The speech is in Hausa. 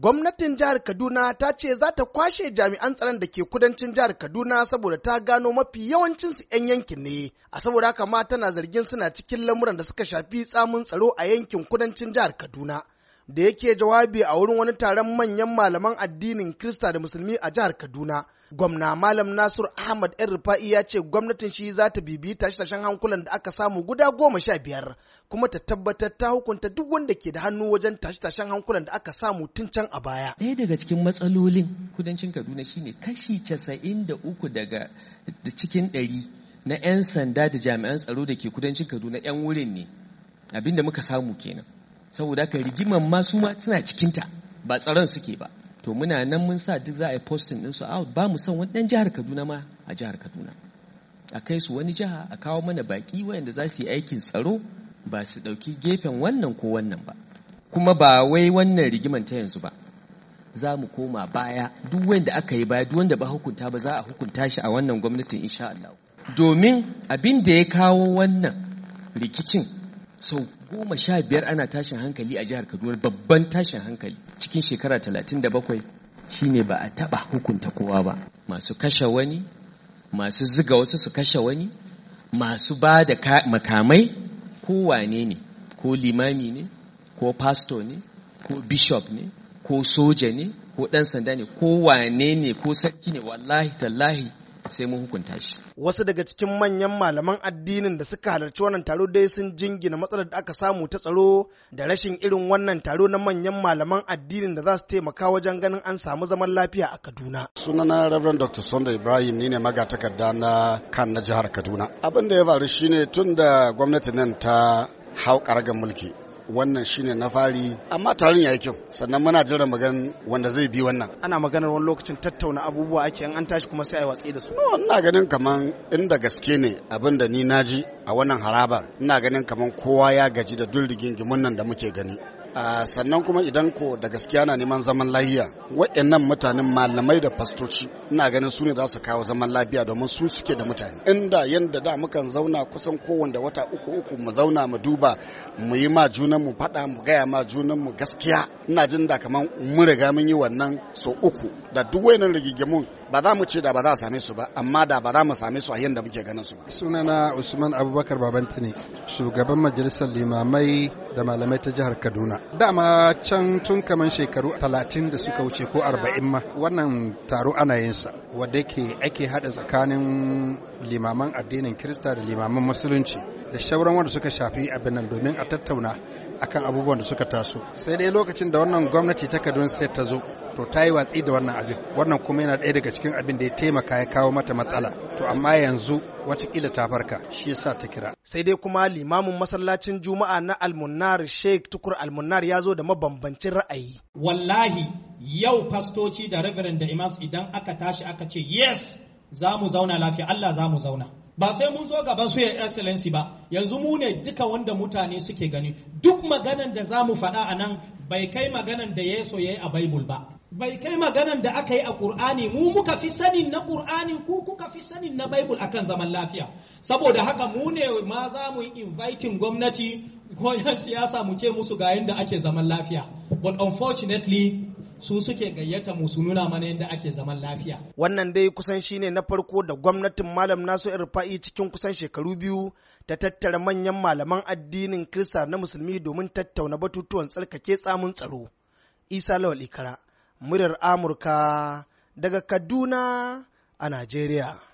gwamnatin jihar Kaduna ta ce za ta kwashe jami'an tsaron da ke kudancin jihar Kaduna saboda ta gano mafi yawancin su 'yan yankin ne, a saboda haka ma tana zargin suna cikin lamuran da suka shafi tsamun tsaro a yankin kudancin jihar Kaduna. da yake jawabi a wurin wani taron manyan malaman addinin Krista da Musulmi a jihar Kaduna. Gwamna Malam Nasir Ahmad ‘yan Rufa'i ya ce gwamnatin shi za ta bibiyi tashe-tashen hankulan da aka samu guda goma sha biyar, kuma ta tabbatar ta hukunta duk wanda ke da hannu wajen tashe-tashen hankulan da aka samu tun can a baya. Ɗaya daga cikin matsalolin kudancin Kaduna shine kashi casa'in da uku daga cikin ɗari na ‘yan sanda da jami'an tsaro da ke kudancin Kaduna ‘yan wurin ne, abinda muka samu kenan. saboda ka rigiman ma su ma suna cikinta ba tsaron suke ba to muna nan mun sa duk za a yi posting din su a, ba mu san wani dan jihar Kaduna ma a jihar Kaduna a kai su wani jiha a kawo mana baki wayanda za su yi aikin tsaro ba su dauki gefen wannan ko wannan ba kuma ba wai wannan rigiman ta yanzu ba za mu koma baya duk wanda aka yi baya duk wanda ba hukunta ba za a hukunta shi a wannan gwamnatin insha Allah domin abin da ya kawo wannan rikicin sau goma sha biyar ana tashin hankali a jihar kaduna babban tashin hankali cikin shekara talatin da bakwai shine ba a taba hukunta kowa ba masu kashe wani masu ziga wasu su kashe wani masu ba da makamai wane ne ko limami ne ko pasto ne ko bishop ne ko soja ne ko ɗan sanda ne ko wane ne ko sarki ne wallahi tallahi sai mun hukunta shi wasu daga cikin manyan malaman addinin da suka halarci wannan taro dai sun jingina matsalar da aka samu ta tsaro da rashin irin wannan taro na manyan malaman addinin da za su taimaka wajen ganin an samu zaman lafiya a Kaduna sunana Reverend Dr. Sunday Ibrahim ni ne magatakarda na kan na jihar Kaduna abin da ya faru shine tun da gwamnati nan ta hau karagan mulki wannan shine na fari amma taron yi kyau sannan muna jira magan wanda zai bi wannan ana maganar wani lokacin tattauna abubuwa ake an tashi kuma sai a watsi da su ina ganin kaman inda gaske ne abin da ni naji a wannan harabar ina ganin kaman kowa ya gaji da duk rigingimun nan da muke gani sannan kuma idan ko da gaskiya na neman zaman lafiya waɗannan mutanen malamai da fastoci na ganin su ne za su kawo zaman lafiya domin su suke da mutane inda yanda da mukan zauna kusan kowanne wata uku uku mu zauna mu duba mu yi ma junan mu faɗa mu gaya ma junan mu gaskiya ina jin da kamar mun riga mun yi wannan so uku da duk wayannan rigigimun ba za mu ce da ba za a same su ba amma da ba za mu same su a yadda muke ganin su ba sunana usman abubakar babanti shugaban majalisar limamai da malamai ta jihar kaduna dama can tun kamar shekaru talatin da suka wuce ko arba'in ma wannan taro ana yin sa wadda ke ake hada tsakanin limaman addinin kirista da limaman musulunci da shauran wanda suka shafi abin nan domin a tattauna akan abubuwan da suka taso sai dai lokacin da wannan gwamnati ta Kaduna State ta zo to ta yi watsi da wannan abin wannan kuma yana ɗaya daga cikin abin da ya taimaka ya kawo mata matsala to amma yanzu wata watakila ta farka shi yasa ta kira sai dai kuma limamin masallacin juma'a na almunnar sheikh tukur almunnar ya zo da mabambancin ra'ayi wallahi yau fastoci da reverend da imams idan aka tashi aka ce yes za mu zauna lafiya Allah za mu zauna ba sai mun zo gaban su ya excellency ba yanzu mu ne duka wanda mutane suke gani duk maganan da za mu faɗa a nan bai kai maganan da yeso ya yi a baibul ba bai kai maganan da aka yi a ƙur'ani mu muka fi sanin na ƙur'ani ku kuka fi sanin na baibul akan zaman lafiya saboda haka mu ne ma za mu yi inviting gwamnati ko yan siyasa mu ce musu ga yadda ake zaman lafiya but unfortunately su suke gayyata mu su nuna mana yadda ake zaman lafiya. Wannan dai kusan shi ne na farko da gwamnatin Malam Nasu Irfa'i cikin kusan shekaru biyu ta tattara manyan malaman addinin Kirista na Musulmi domin tattauna batutuwan tsarkake tsamun tsaro. Isa Lawal Ikara, muryar Amurka daga Kaduna a Najeriya.